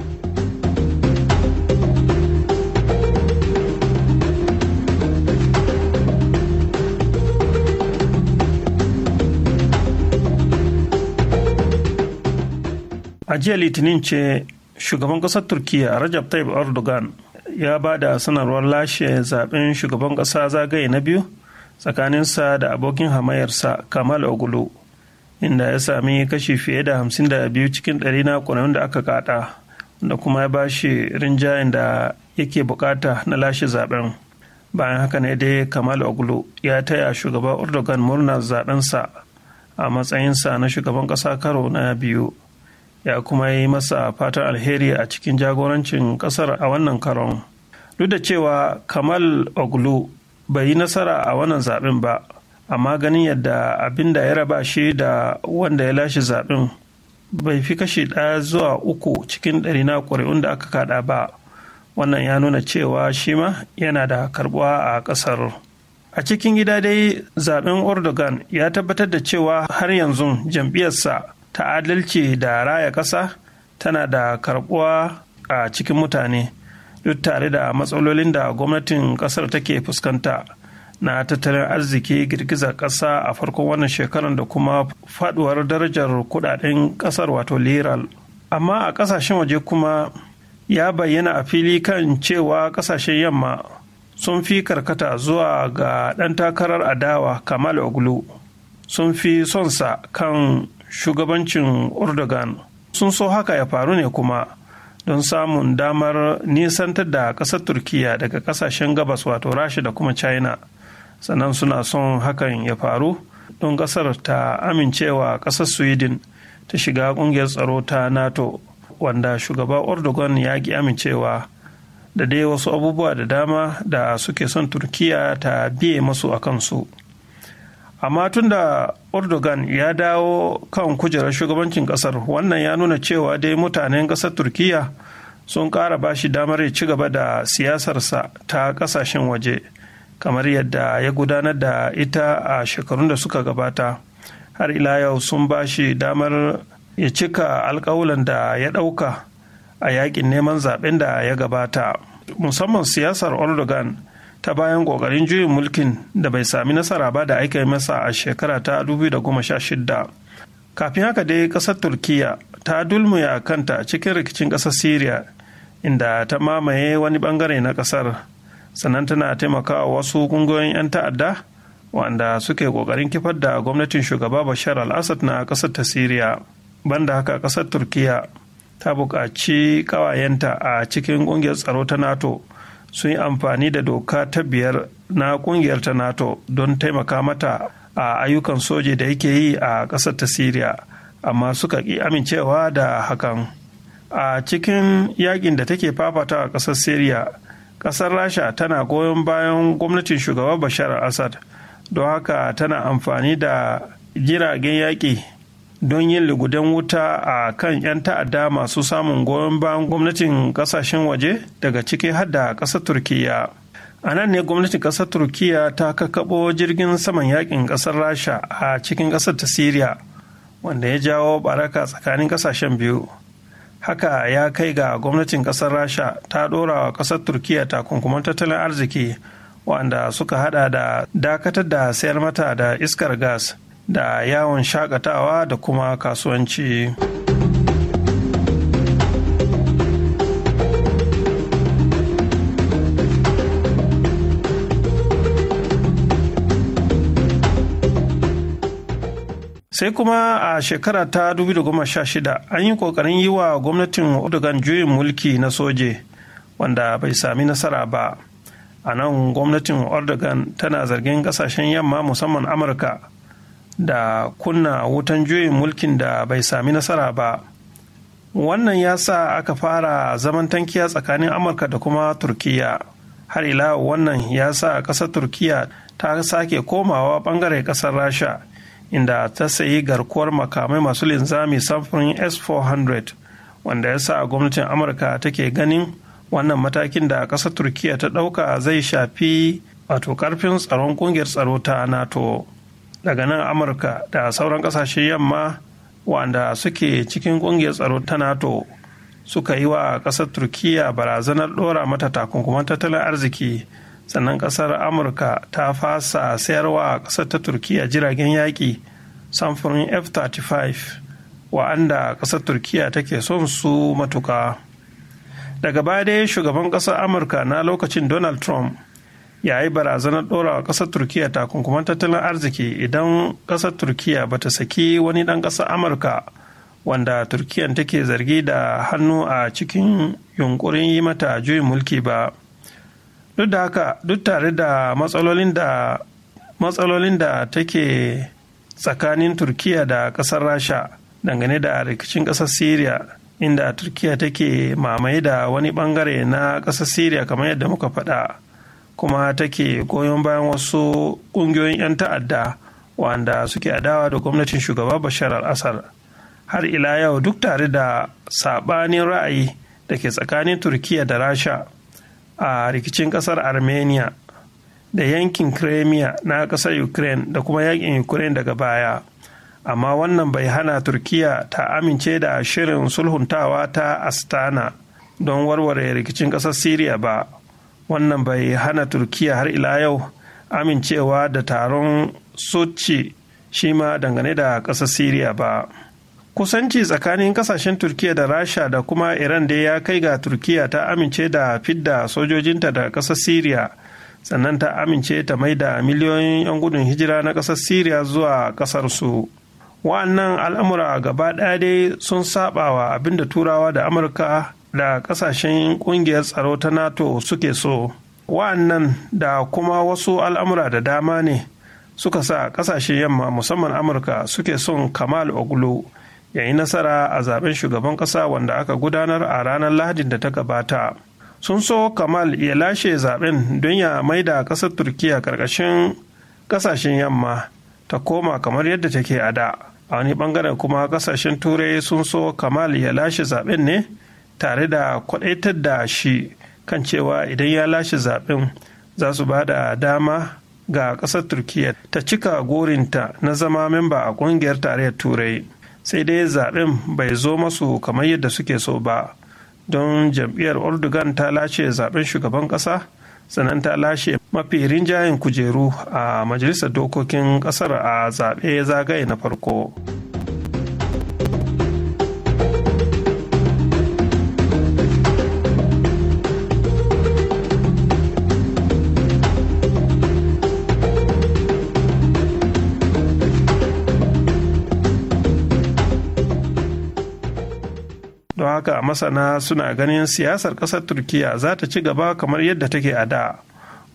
a jiya litinin ce shugaban ƙasar turkiya rajab tayyip erdogan ya ba da sanarwar lashe zaben shugaban ƙasa zagaye na biyu tsakaninsa da abokin hamayarsa kamal ogulu inda ya sami kashi fiye da hamsin da biyu cikin ɗari na ƙwararrun da aka kaɗa da kuma ya bashi rinjayen da yake bukata na lashe zaben bayan haka ne dai kamal ogulu ya taya shugaban erdogan murnar zaɓensa a matsayinsa na shugaban ƙasa karo na biyu ya kuma yi masa fatan alheri a cikin jagorancin kasar a wannan karon duk da cewa kamal oglu bai yi nasara a wannan zaɓen ba amma ganin yadda abin da ya raba shi da wanda ya lashe zaɓen bai fi kashi ɗaya zuwa uku cikin ɗari na ƙuri'un da aka kaɗa ba wannan ya nuna cewa shi ma yana da karɓuwa a ƙasar a cikin gida dai zaben erdogan ya tabbatar da cewa har yanzu jam'iyyarsa ta adalci da raya ƙasa tana da karɓuwa a cikin mutane duk tare da matsalolin da gwamnatin ƙasar take fuskanta na tattalin arziki girgizar ƙasa a farkon wannan shekarar da kuma faduwar darajar kudaden ƙasar wato liral amma a ƙasashen waje kuma ya bayyana a fili kan cewa ƙasashen yamma sun fi karkata zuwa ga ɗan takarar adawa kamal oglu sun fi sonsa kan shugabancin Urdogan sun so haka ya faru ne kuma don samun damar nisantar da ƙasar Turkiyya daga ƙasashen gabas wato Rasha da kuma China. Sannan suna son hakan ya faru don ƙasar ta amincewa ƙasar Sweden ta shiga ƙungiyar tsaro ta NATO wanda shugaba Urdogan ya ki amincewa. da dai wasu abubuwa da dama da suke son turkiyya ta biye masu a kansu. amma tun da ordogan ya dawo kan kujerar shugabancin kasar wannan ya nuna cewa dai mutanen kasar turkiyya sun kara ba shi damar ya ci gaba da siyasarsa ta kasashen waje kamar yadda ya gudanar da ita a shekarun da suka gabata har ila yau sun ba shi damar ya cika alkawulan da ya dauka a yakin neman zaben da ya gabata musamman siyasar ordogan. ta bayan ƙoƙarin juyin mulkin da bai sami nasara ba da aika yi masa a shekara ta 2016 kafin haka dai ƙasar turkiyya ta dulmuya kanta cikin rikicin ƙasar syria inda ta mamaye wani bangare na ƙasar sannan tana taimakawa wasu ƙungiyoyin 'yan ta'adda wanda suke ƙoƙarin kifar da gwamnatin shugaba bashar al-assad na ƙasar ta syria banda haka ƙasar turkiyya ta buƙaci ƙawayenta a cikin ƙungiyar tsaro ta nato sun yi amfani da doka ta biyar na kungiyar ta nato don taimaka mata a ayyukan soje da yake yi a ƙasar ta siriya amma suka ƙi amincewa da hakan a cikin yakin da take fafata a ƙasar siriya ƙasar rasha tana goyon bayan gwamnatin shugaban bashar al-assad don haka tana amfani da jiragen yaƙi don yin lugudan wuta a kan 'yan ta'adda masu samun goyon bayan gwamnatin kasashen waje daga ciki hada ƙasar turkiya a nan ne gwamnatin ƙasar turkiya ta kakabo jirgin saman yakin ƙasar rasha a cikin ƙasar ta siriya wanda ya jawo baraka tsakanin ƙasashen biyu haka ya kai ga gwamnatin ƙasar rasha ta ɗora wa ƙasar turkiya takunkuman tattalin arziki wanda suka hada da dakatar da sayar mata da iskar gas da yawon shakatawa da kuma kasuwanci. sai kuma a shekara ta 2016 an yi kokarin yi wa gwamnatin Erdogan juyin mulki na soje wanda bai sami nasara ba a nan gwamnatin Erdogan tana zargin kasashen yamma musamman amurka da kunna wutan juyin mulkin da bai sami nasara ba wannan ya sa aka fara zaman tankiya tsakanin amurka da kuma turkiya har ila wannan ya sa ƙasar turkiya ta sake komawa ɓangare ƙasar rasha inda ta sayi garkuwar makamai masu linzami samfurin s-400 wanda ya sa gwamnatin amurka take ganin wannan matakin da ƙasar turkiya ta ɗauka zai shafi wato ƙarfin tsaron ƙungiyar tsaro ta nato daga nan amurka da sauran kasashen yamma wanda suke cikin kungiyar tsaro ta nato suka yi wa kasar turkiya barazanar dora mata takunkuman tattalin arziki sannan kasar amurka ta fasa sayarwa kasar ta turkiya jiragen yaƙi samfurin f-35 wa'anda kasar turkiya take son su matuka daga baya dai shugaban kasar amurka na lokacin donald trump yayi barazanar dora wa ƙasar turkiya takunkuman tattalin arziki idan ƙasar turkiya ba ta saki wani ɗan ƙasar amurka wanda turkiyan take zargi da hannu a cikin yunkurin yi mata juyin mulki ba duk da haka duk tare da matsalolin da matsalolin da take tsakanin turkiya da ƙasar rasha dangane da rikicin ƙasar syria inda turkiya take mamaye da wani bangare na ƙasar syria kamar yadda muka faɗa kuma take goyon bayan wasu ƙungiyoyin 'yan ta'adda wanda suke adawa da gwamnatin shugaba bashar al-assad har ila yau duk tare da saɓanin ra'ayi da ke tsakanin turkiya da rasha a rikicin ƙasar armenia da yankin crimea na ƙasar ukraine da kuma yankin ukraine daga baya amma wannan bai hana turkiya ta amince da shirin sulhuntawa ta astana don warware rikicin ƙasar syria ba wannan bai hana turkiya har ila yau amincewa da taron soci shi ma dangane da ƙasar siriya ba kusanci tsakanin kasashen turkiya da rasha da kuma iran dai ya kai ga turkiya ta amince da fidda sojojinta da ƙasar siriya sannan ta amince ta mai da miliyoyin 'yan gudun hijira na ƙasar siriya zuwa ƙasarsu wa'annan al'amura gaba ɗaya dai sun saɓawa abinda turawa da amurka da kasashen kungiyar tsaro ta nato suke so wa'annan da kuma wasu al'amura da dama ne suka sa kasashen yamma musamman amurka suke son kamal o'gulu ya yi nasara a zaben shugaban kasa wanda aka gudanar a ranar lahadin da ta gabata sun so kamal ya lashe zaben don ya maida kasar turkiya karkashin kasashen yamma ta koma kamar yadda take a da a wani bangaren kuma kasashen turai sun so kamal ya lashe zaben ne tare da kwadaitar da shi kan cewa idan ya lashe zaɓen za su ba da dama ga ƙasar turkiyya ta cika gorinta na zama memba a ƙungiyar tarayyar turai sai dai zaɓen bai zo masu kamar yadda suke so ba don jam'iyyar ordugan ta lashe zaɓen shugaban ƙasa sannan ta lashe mafi rinjayen kujeru a majalisar dokokin ƙasar a zaɓe zagaye na farko. don haka masana suna ganin siyasar ƙasar turkiya za ta ci gaba kamar yadda take a da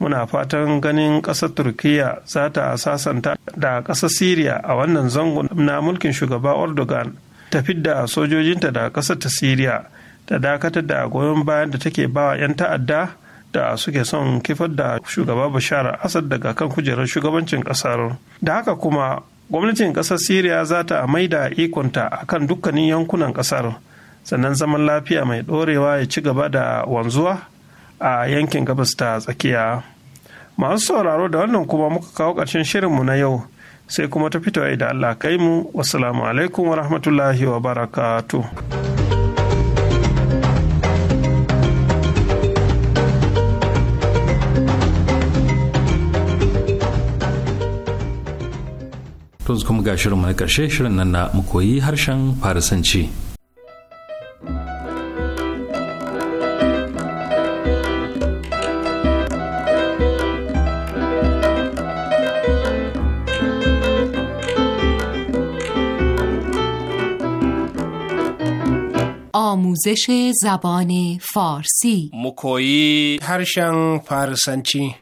muna fatan ganin ƙasar turkiya za ta sasanta da ƙasar siriya a wannan zango na mulkin shugaba erdogan ta fidda sojojinta da ƙasar ta siriya ta dakatar da goyon bayan da take ba 'yan ta'adda da suke son kifar da shugaba bashar asad daga kan kujerar shugabancin ƙasar da haka kuma gwamnatin ƙasar siriya za ta maida ikonta akan dukkanin yankunan ƙasar sannan zaman lafiya mai ɗorewa ya ci gaba da wanzuwa a yankin gabas ta tsakiya masu sauraro da wannan kuma muka kawo ƙarshen shirinmu na yau sai kuma ta fito da allah kai mu wasalamu alaikum wa rahmatullahi wa barakatu. to kuma ga shirinmu na ƙarshe shirin nan na koyi harshen farisanci آموزش زبان فارسی مکویی هرشن فارسنچی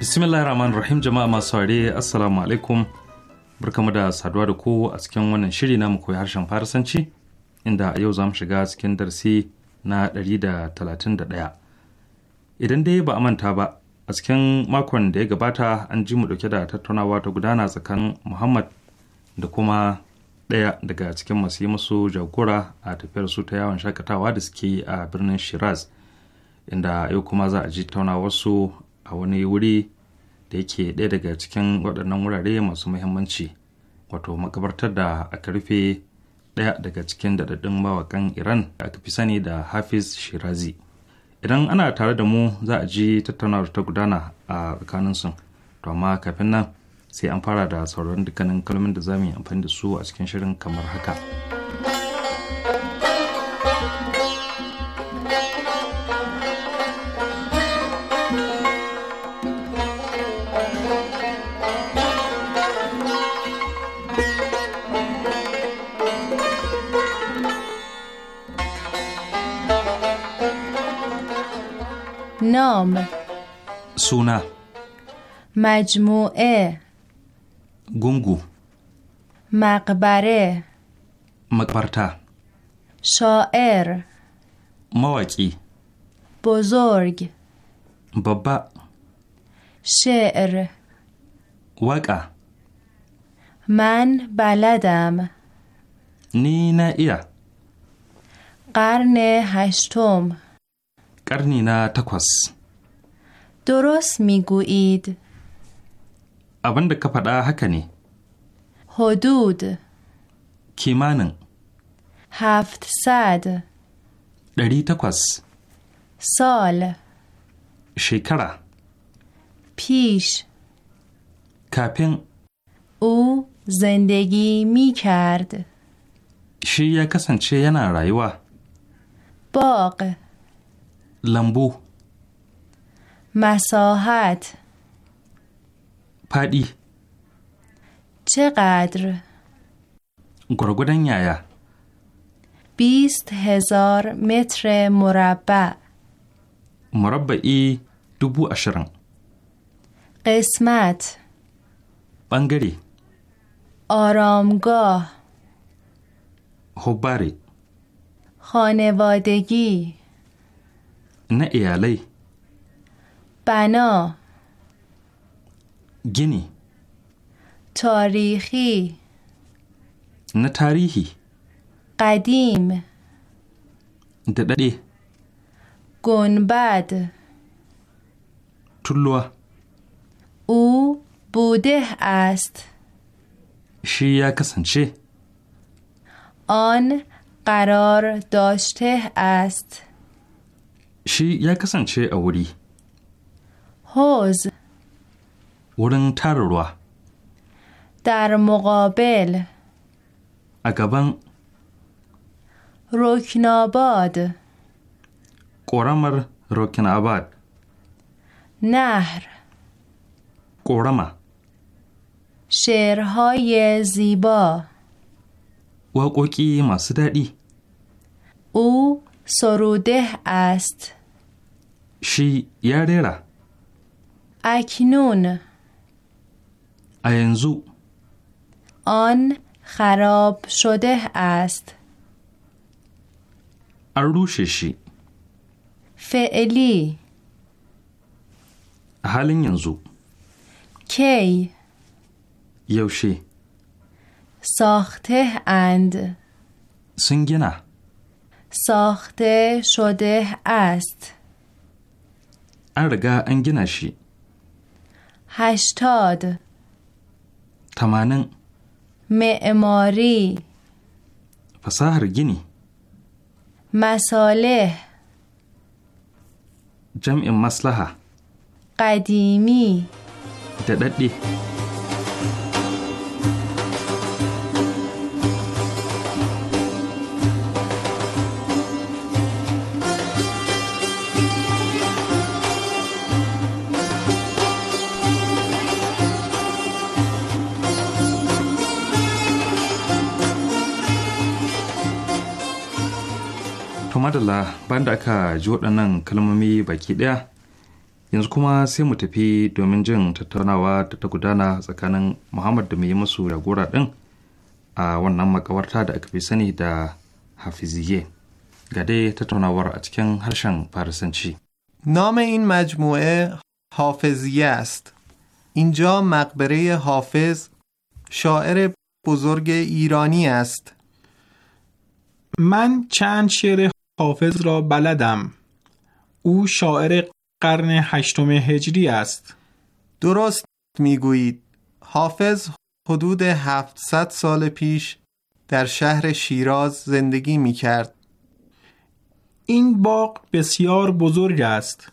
bismillah rahman rahim jama masu haure assalamu alaikum barkamu da saduwa da ku a cikin wannan shiri na koyi harshen farisanci inda a yau za mu shiga cikin darsi na 131 idan dai ba a manta ba a cikin makon da ya gabata an ji mu dauke da tattaunawa ta gudana tsakanin muhammad da kuma ɗaya daga cikin masu yi musu jagora a tafiyar su ta yawon shakatawa da suke yi a birnin shiraz inda yau kuma za a ji wasu a wani wuri da yake ɗaya daga cikin waɗannan wurare masu muhimmanci wato makabartar da aka rufe ɗaya daga cikin daɗaɗɗun mawaƙan iran da aka fi sani da hafiz shirazi idan ana tare da mu za a ji tattaunawar ta gudana a tsakanin tsakaninsu to amma kafin nan sai an fara da sauran dukkanin kalmomin da za mu yi amfani da su a cikin shirin kamar haka. نام سونا مجموعه گونگو مقبره مقبرتا شاعر مواکی بزرگ بابا شعر وقع من بلدم نی نه قرن هشتم ƙarni na takwas. درست miguid. abin da ka faɗa haka ne Hudud. kimanin Haft sad. ɗari takwas Sol. shekara Pish. kafin U, زندگی mi shi ya kasance yana rayuwa Bog. لمبو مساحت پدی چقدر گرگودن یایا بیست هزار متر مربع مربعی دوبو اشرن قسمت بنگری آرامگاه هوباری خانوادگی نه ایالی بنا گینی تاریخی نه تاریخی قدیم دددی گنبد تلوه او بوده است شی یا کسنچه آن قرار داشته است شی یا کسانچه ا وری حوز ورن روح در مقابل اگبن رکناباد قرمر آباد. نهر قرمه شعرهای زیبا و قوکی ماسدادی او سروده است شی یا ریره اکنون اینزو آن خراب شده است اروششی فعلی حالین ینزو کی یوشی ساخته اند سنگنه ساخته شده است an riga an gina shi. Hashtod. Tamanin. Me'amori. Fasahar gini. Masole. Jam'in maslaha. ƙadimi. Daɗaɗɗe. Da madalla banda da aka ji waɗannan kalmomi baki ɗaya yanzu kuma sai mu tafi domin jin tattaunawa da ta gudana tsakanin muhammad da yi masu jagora ɗin a wannan makawarta da aka fi sani da hafiziye ga dai tattaunawar a cikin harshen farisanci نام این مجموعه حافظیه است. اینجا مقبره حافظ شاعر بزرگ ایرانی است. من چند شعر حافظ را بلدم او شاعر قرن هشتم هجری است درست میگویید حافظ حدود 700 سال پیش در شهر شیراز زندگی می کرد. این باغ بسیار بزرگ است.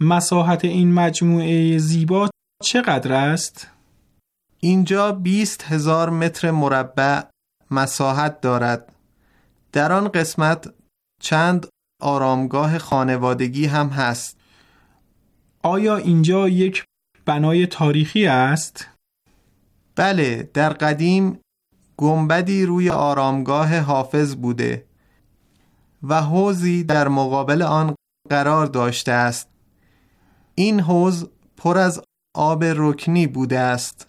مساحت این مجموعه زیبا چقدر است؟ اینجا 20 هزار متر مربع مساحت دارد. در آن قسمت چند آرامگاه خانوادگی هم هست آیا اینجا یک بنای تاریخی است؟ بله در قدیم گنبدی روی آرامگاه حافظ بوده و حوزی در مقابل آن قرار داشته است این حوز پر از آب رکنی بوده است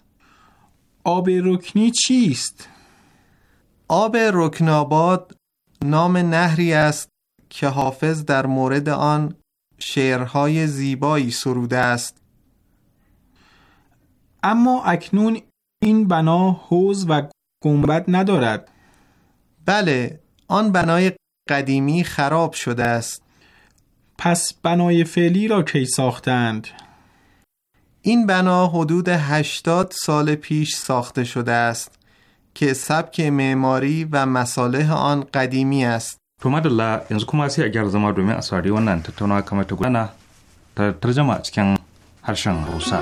آب رکنی چیست؟ آب رکناباد نام نهری است که حافظ در مورد آن شعرهای زیبایی سروده است اما اکنون این بنا حوز و گنبد ندارد بله آن بنای قدیمی خراب شده است پس بنای فعلی را کی ساختند؟ این بنا حدود هشتاد سال پیش ساخته شده است که سبک معماری و مصالح آن قدیمی است. To madalla yanzu kuma sai a gyara zama domin a saurari wannan tattaunawa kamar ta gudana ta tarjama a cikin harshen Hausa.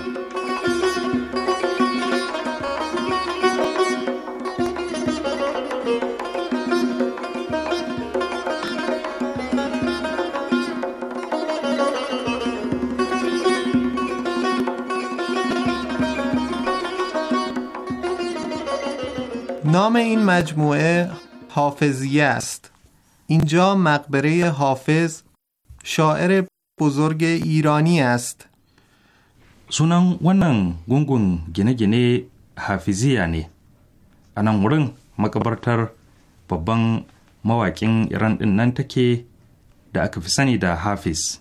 نام این مجموعه حافظیه است اینجا مقبره حافظ شاعر بزرگ ایرانی است سونان ونن گونگون گنه گنه حافظی یعنی انا مورن مقبرتر ببن مواکین ایران دن ننتکی دا اکفسانی دا حافظ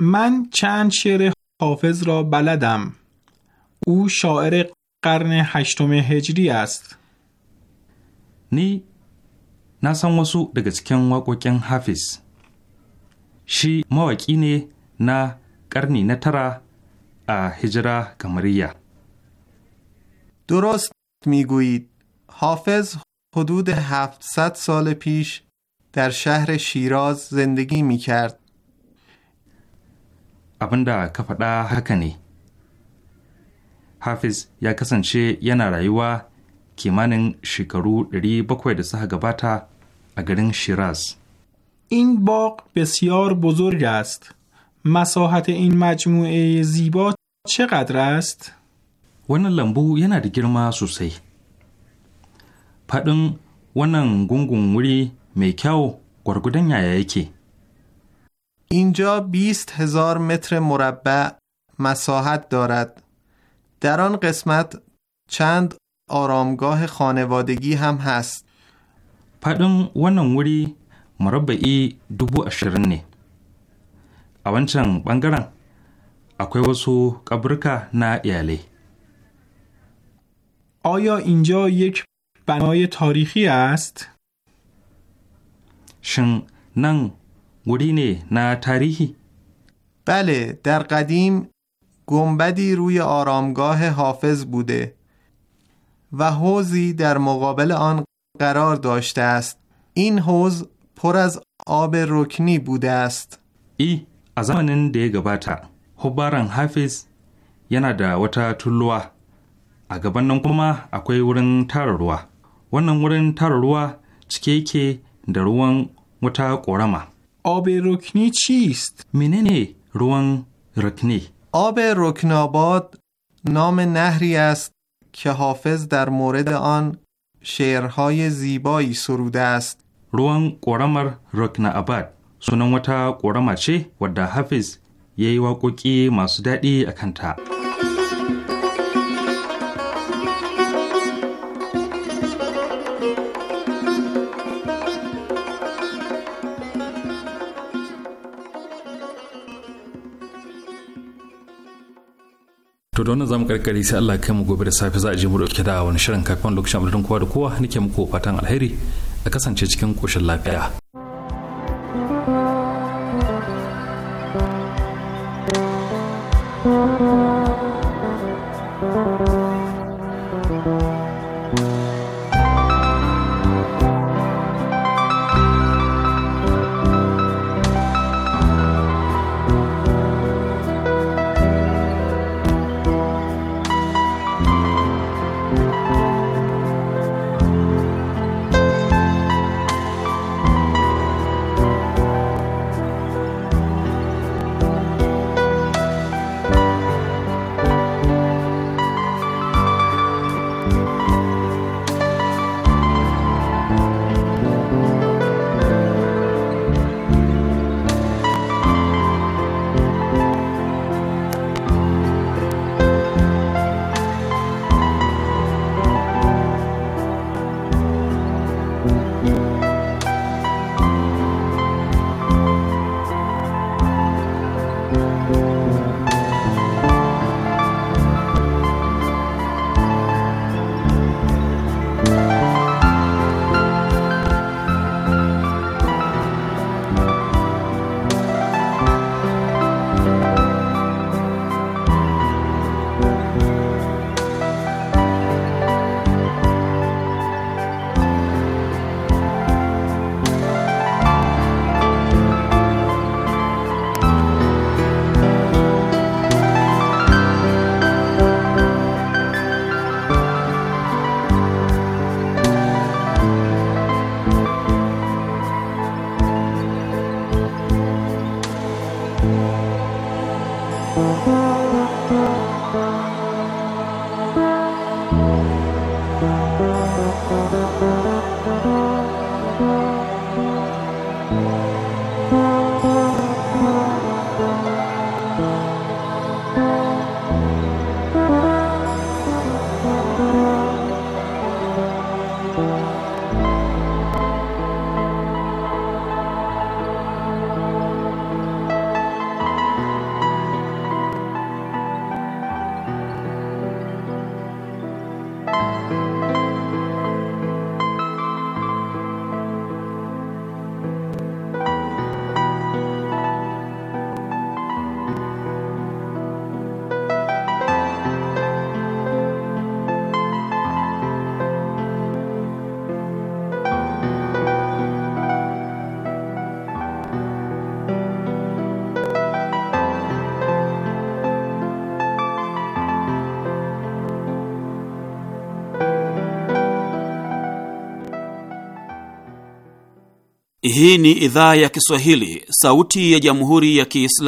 من چند شعر حافظ را بلدم او شاعر قرن هشتم هجری است. نی ناسان واسو دگه چکن واقو حافظ. شی مواکی نه نا قرنی نترا ا هجرا گمریه. درست میگویید حافظ حدود 700 سال پیش در شهر شیراز زندگی می کرد. ابنده کفدا هکنی. hafiz ya kasance yana rayuwa kimanin shekaru 700 da suka gabata a garin shiraz In باغ بسیار بزرگ است. مساحت این مجموعه زیبا چقدر است؟ wannan lambu yana da girma sosai. Faɗin wannan gungun wuri mai kyau gwargudan yaya yake. اینجا 20 هزار متر مربع مساحت دارد. در آن قسمت چند آرامگاه خانوادگی هم هست پدن ونن وری مربعی دوبو ashirin نی a بانگران، bangaren akwai wasu kaburka آیا اینجا یک بنای تاریخی است؟ شن نن وری نه نه تاریخی بله در قدیم گنبدی روی آرامگاه حافظ بوده و حوزی در مقابل آن قرار داشته است این حوز پر از آب رکنی بوده است ای از د دیگه باتا خبارن حافظ ینا دا وطا تلوه اگه بندن کما اکوی ورن تارلوه ونن ورن تارلوه چکی که da ruwan قرامه آب رکنی چیست؟ منن نه روان رکنی آب رکناباد نام نهری است که حافظ در مورد آن شعرهای زیبایی سروده است روان قرمر رکن آباد سنن وتا قرمه چه ودا حافظ یه واقعی masu اکنتا to da wannan zamu karkare sai Allah kai mu gobe da safe za a je mu dauke da wani shirin kafin lokacin abudin kowa da kowa nake muku fatan alheri a kasance cikin koshin lafiya Hii ni idhaa ya Kiswahili, sauti ya jamhuri ya kiislam